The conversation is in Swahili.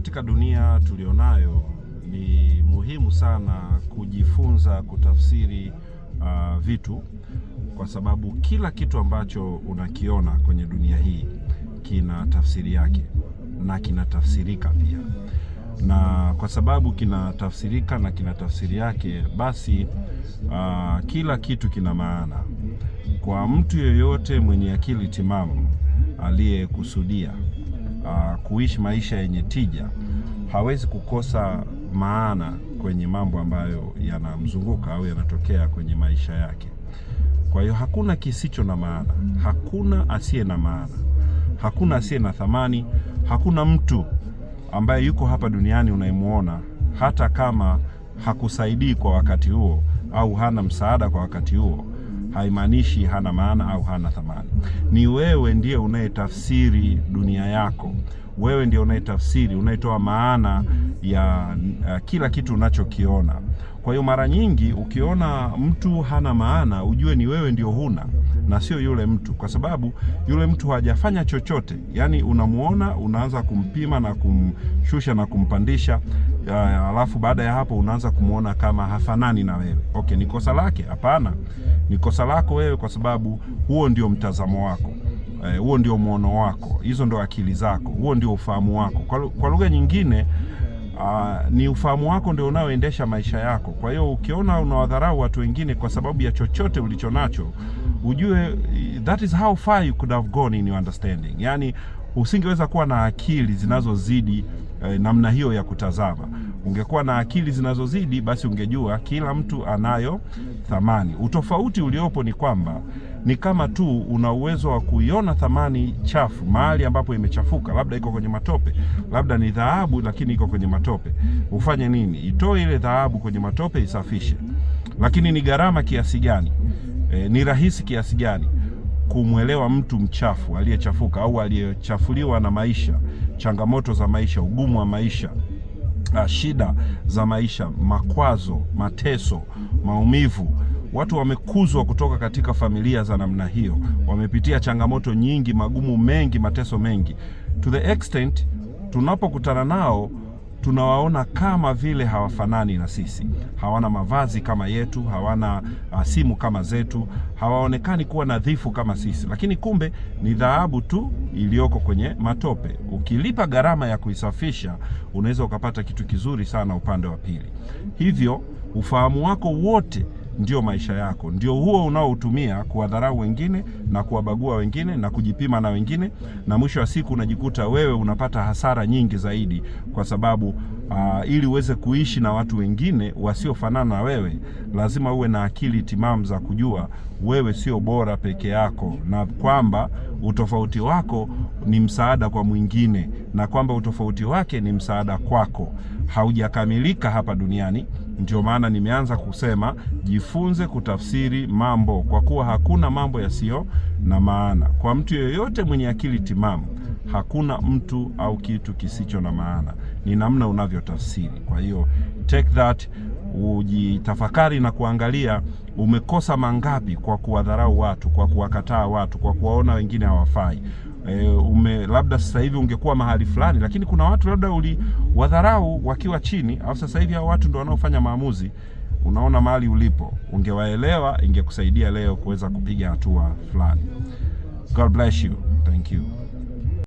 Katika dunia tulionayo ni muhimu sana kujifunza kutafsiri uh, vitu kwa sababu kila kitu ambacho unakiona kwenye dunia hii kina tafsiri yake na kinatafsirika pia, na kwa sababu kinatafsirika na kina tafsiri yake, basi uh, kila kitu kina maana kwa mtu yeyote mwenye akili timamu aliyekusudia uh, kuishi maisha yenye tija hawezi kukosa maana kwenye mambo ambayo yanamzunguka au yanatokea kwenye maisha yake. Kwa hiyo hakuna kisicho na maana, hakuna asiye na maana, hakuna asiye na thamani, hakuna mtu ambaye yuko hapa duniani unayemwona hata kama hakusaidii kwa wakati huo au hana msaada kwa wakati huo haimaanishi hana maana au hana thamani. Ni wewe ndiye unayetafsiri dunia yako, wewe ndiye unayetafsiri, unayetoa maana ya uh, kila kitu unachokiona. Kwa hiyo mara nyingi ukiona mtu hana maana, ujue ni wewe ndio huna na sio yule mtu, kwa sababu yule mtu hajafanya chochote. Yaani unamwona, unaanza kumpima na kumshusha na kumpandisha, alafu baada ya hapo unaanza kumwona kama hafanani na wewe. Okay, ni kosa lake? Hapana, ni kosa lako wewe, kwa sababu huo ndio mtazamo wako eh, huo e, ndio mwono wako, hizo ndio akili zako, huo ndio ufahamu wako. Kwa, kwa lugha nyingine uh, ni ufahamu wako ndio unaoendesha maisha yako. Kwa hiyo ukiona unawadharau watu wengine kwa sababu ya chochote ulichonacho, ujue eh, that is how far you could have gone in your understanding. Yani usingeweza kuwa na akili zinazozidi eh, namna hiyo ya kutazama ungekuwa na akili zinazozidi, basi ungejua kila mtu anayo thamani. Utofauti uliopo ni kwamba ni kama tu una uwezo wa kuiona thamani chafu mahali ambapo imechafuka, labda iko kwenye matope, labda ni dhahabu lakini iko kwenye matope. Ufanye nini? Itoe ile dhahabu kwenye matope, isafishe. Lakini ni gharama kiasi gani? E, ni rahisi kiasi gani kumwelewa mtu mchafu aliyechafuka au aliyechafuliwa na maisha, changamoto za maisha, ugumu wa maisha uh, shida za maisha, makwazo, mateso, maumivu. Watu wamekuzwa kutoka katika familia za namna hiyo, wamepitia changamoto nyingi, magumu mengi, mateso mengi, to the extent tunapokutana nao tunawaona kama vile hawafanani na sisi. Hawana mavazi kama yetu, hawana ah, simu kama zetu, hawaonekani kuwa nadhifu kama sisi, lakini kumbe ni dhahabu tu iliyoko kwenye matope. Ukilipa gharama ya kuisafisha, unaweza ukapata kitu kizuri sana upande wa pili. Hivyo ufahamu wako wote ndio maisha yako, ndio huo unaoutumia kuwadharau wengine na kuwabagua wengine na kujipima na wengine, na mwisho wa siku unajikuta wewe unapata hasara nyingi zaidi, kwa sababu uh, ili uweze kuishi na watu wengine wasiofanana na wewe, lazima uwe na akili timamu za kujua wewe sio bora peke yako, na kwamba utofauti wako ni msaada kwa mwingine, na kwamba utofauti wake ni msaada kwako. Haujakamilika hapa duniani. Ndio maana nimeanza kusema jifunze kutafsiri mambo, kwa kuwa hakuna mambo yasiyo na maana kwa mtu yeyote mwenye akili timamu hakuna mtu au kitu kisicho na maana, ni namna unavyotafsiri. Kwa hiyo take that, ujitafakari na kuangalia umekosa mangapi kwa kuwadharau watu, kwa kuwakataa watu, kwa kuwaona wengine hawafai. E, ume labda sasa hivi ungekuwa mahali fulani, lakini kuna watu labda uliwadharau wakiwa chini, au sasa hivi hao watu ndio wanaofanya maamuzi. Unaona mahali ulipo, ungewaelewa, ingekusaidia leo kuweza kupiga hatua fulani. God bless you. Thank you.